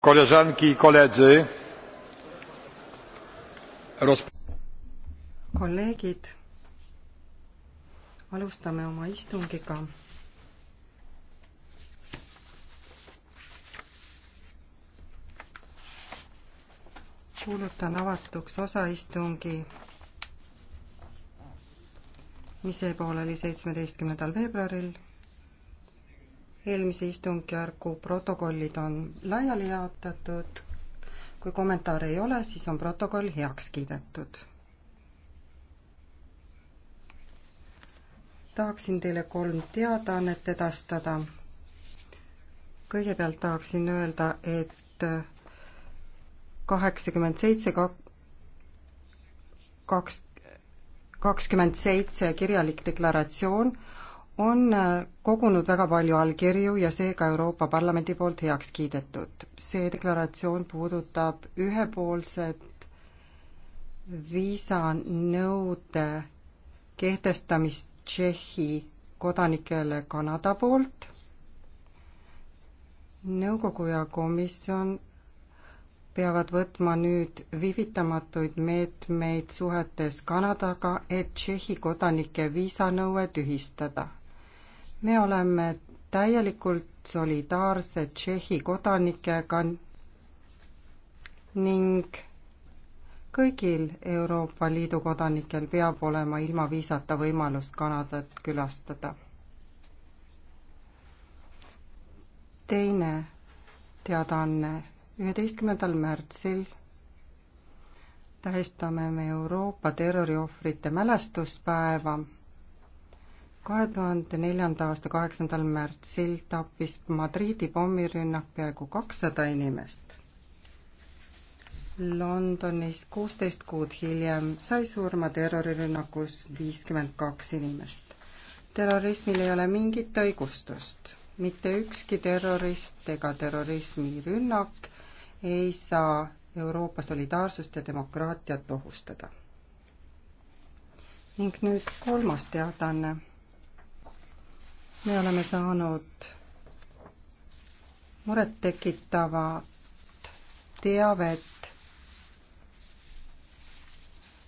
koleżanki i koledzy kolleegid alustame oma istungiga kuulutan avatuks osaistungi mis jäi pooleli seitsmeteistkümnendal veebruaril eelmise istungjärgu protokollid on laiali jaotatud. kui kommentaare ei ole, siis on protokoll heaks kiidetud. tahaksin teile kolm teadaannet edastada. kõigepealt tahaksin öelda, et kaheksakümmend seitse kaks kakskümmend seitse kirjalik deklaratsioon on äh, kogunud väga palju allkirju ja seega Euroopa Parlamendi poolt heaks kiidetud. see deklaratsioon puudutab ühepoolset viisanõude kehtestamist Tšehhi kodanikele Kanada poolt. nõukogu ja komisjon peavad võtma nüüd viivitamatuid meetmeid suhetes Kanadaga, et Tšehhi kodanike viisanõue tühistada me oleme täielikult solidaarsed Tšehhi kodanikega ning kõigil Euroopa Liidu kodanikel peab olema ilma viisata võimalus Kanadat külastada. teine teadaanne üheteistkümnendal märtsil tähistame me Euroopa terroriohvrite mälestuspäeva kahe tuhande neljanda aasta kaheksandal märtsil tappis Madriidi pommirünnak peaaegu kakssada inimest. Londonis kuusteist kuud hiljem sai surma terrorirünnakus viiskümmend kaks inimest. terrorismil ei ole mingit õigustust. mitte ükski terrorist ega terrorismirünnak ei saa Euroopa solidaarsust ja demokraatiat ohustada. ning nüüd kolmas teadaanne me oleme saanud murettekitavat teavet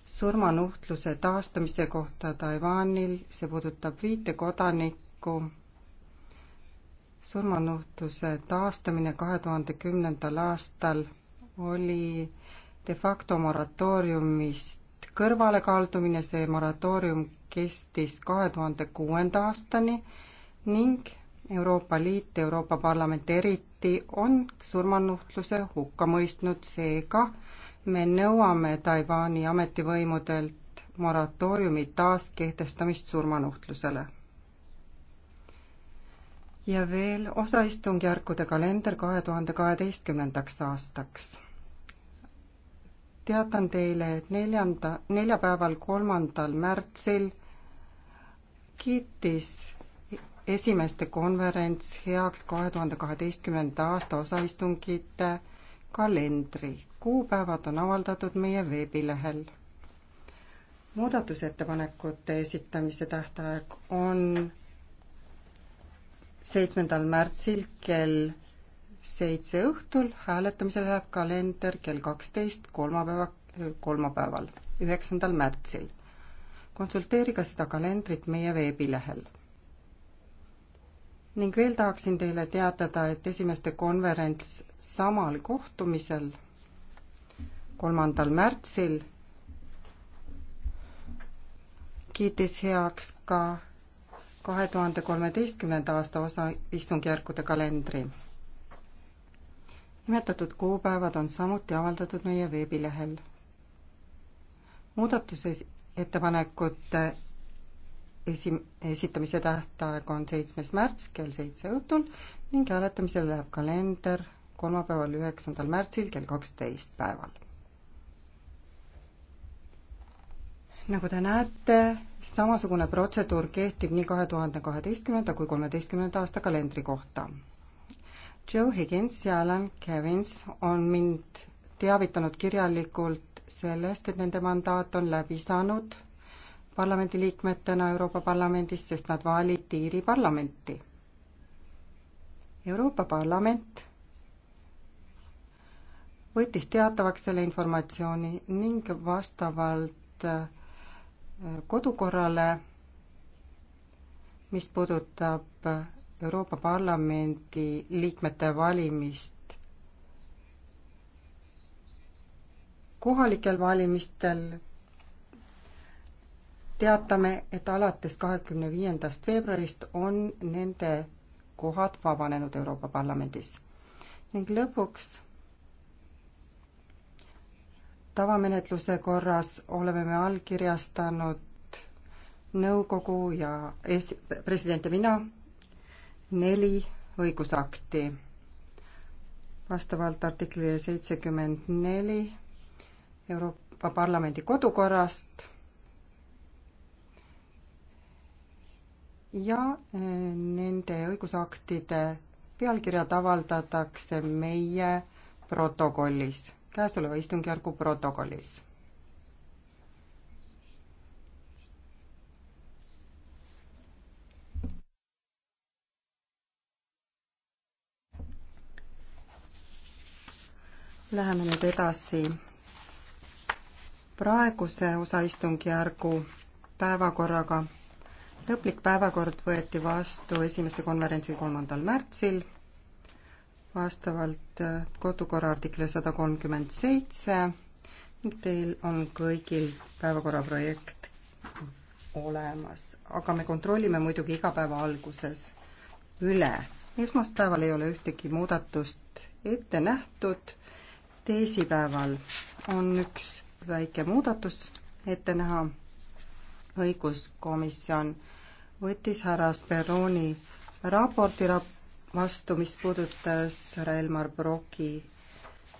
surmanuhtluse taastamise kohta Taiwanil, see puudutab viite kodanikku. surmanuhtluse taastamine kahe tuhande kümnendal aastal oli de facto moratooriumist kõrvalekaldumine, see moratoorium kestis kahe tuhande kuuenda aastani ning Euroopa Liit, Euroopa Parlament eriti, on surmanuhtluse hukka mõistnud, seega me nõuame Taiwan'i ametivõimudelt moratooriumi taaskehtestamist surmanuhtlusele. ja veel osaistungjärkude kalender kahe tuhande kaheteistkümnendaks aastaks. teatan teile, et neljanda, neljapäeval, kolmandal märtsil kiitis esimeste konverents heaks kahe tuhande kaheteistkümnenda aasta osaistungite kalendri. kuupäevad on avaldatud meie veebilehel. muudatusettepanekute esitamise tähtaeg on seitsmendal märtsil kell seitse õhtul, hääletamisele läheb kalender kell kaksteist kolmapäeva, kolmapäeval, üheksandal märtsil. konsulteeri ka seda kalendrit meie veebilehel ning veel tahaksin teile teatada, et esimeste konverents samal kohtumisel, kolmandal märtsil, kiitis heaks ka kahe tuhande kolmeteistkümnenda aasta osa istungjärkude kalendri. nimetatud kuupäevad on samuti avaldatud meie veebilehel. muudatuses ettepanekute esi-, esitamise tähtaeg on seitsmes märts kell seitse õhtul ning hääletamisele läheb kalender kolmapäeval, üheksandal märtsil kell kaksteist päeval. nagu te näete, samasugune protseduur kehtib nii kahe tuhande kaheteistkümnenda kui kolmeteistkümnenda aasta kalendri kohta. Joe Higgins ja Alan Kevins on mind teavitanud kirjalikult sellest, et nende mandaat on läbi saanud parlamendiliikmetena Euroopa Parlamendis, sest nad valiti Iiri parlamenti. Euroopa Parlament võttis teatavaks selle informatsiooni ning vastavalt äh, kodukorrale, mis puudutab Euroopa Parlamendi liikmete valimist kohalikel valimistel teatame, et alates kahekümne viiendast veebruarist on nende kohad vabanenud Euroopa Parlamendis. ning lõpuks tavamenetluse korras oleme me allkirjastanud nõukogu ja es-, president ja mina neli õigusakti vastavalt artiklile seitsekümmend neli Euroopa Parlamendi kodukorrast ja eh, nende õigusaktide pealkirjad avaldatakse meie protokollis, käesoleva istungjärgu protokollis Läheme nüüd edasi praeguse osaistungjärgu päevakorraga lõplik päevakord võeti vastu esimeste konverentsil kolmandal märtsil vastavalt äh, kodukorra artikli sada kolmkümmend seitse. Teil on kõigil päevakorra projekt olemas, aga me kontrollime muidugi iga päeva alguses üle. esmaspäeval ei ole ühtegi muudatust ette nähtud. teisipäeval on üks väike muudatus ette näha õiguskomisjon võttis härra Speroni raporti rap-, vastu, mis puudutas härra Elmar Broki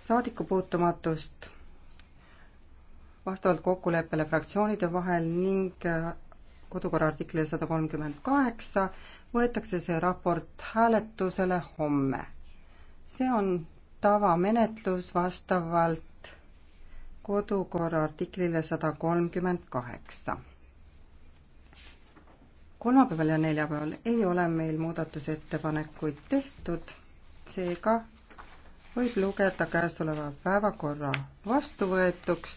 saadikupuutumatust vastavalt kokkuleppele fraktsioonide vahel ning kodukorra artikli sada kolmkümmend kaheksa võetakse see raport hääletusele homme. see on tavamenetlus vastavalt kodukorra artiklile sada kolmkümmend kaheksa kolmapäeval ja neljapäeval ei ole meil muudatusettepanekuid tehtud, seega võib lugeda käesoleva päevakorra vastuvõetuks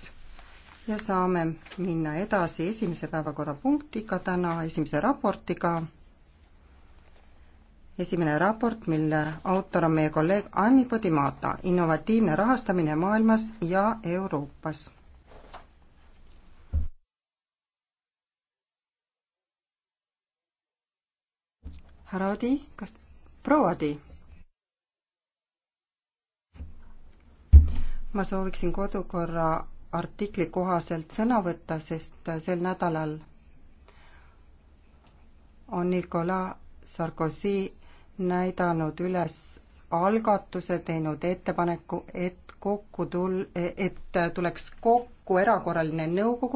ja saame minna edasi esimese päevakorrapunktiga täna, esimese raportiga. esimene raport, mille autor on meie kolleeg Anni Podimata, innovatiivne rahastamine maailmas ja Euroopas härra Odi, kas, proua Odi? ma sooviksin kodukorra artikli kohaselt sõna võtta, sest sel nädalal on Nicolas Sarkozy näidanud üles algatuse, teinud ettepaneku, et kokku tul-, et tuleks kokku erakorraline nõukogu,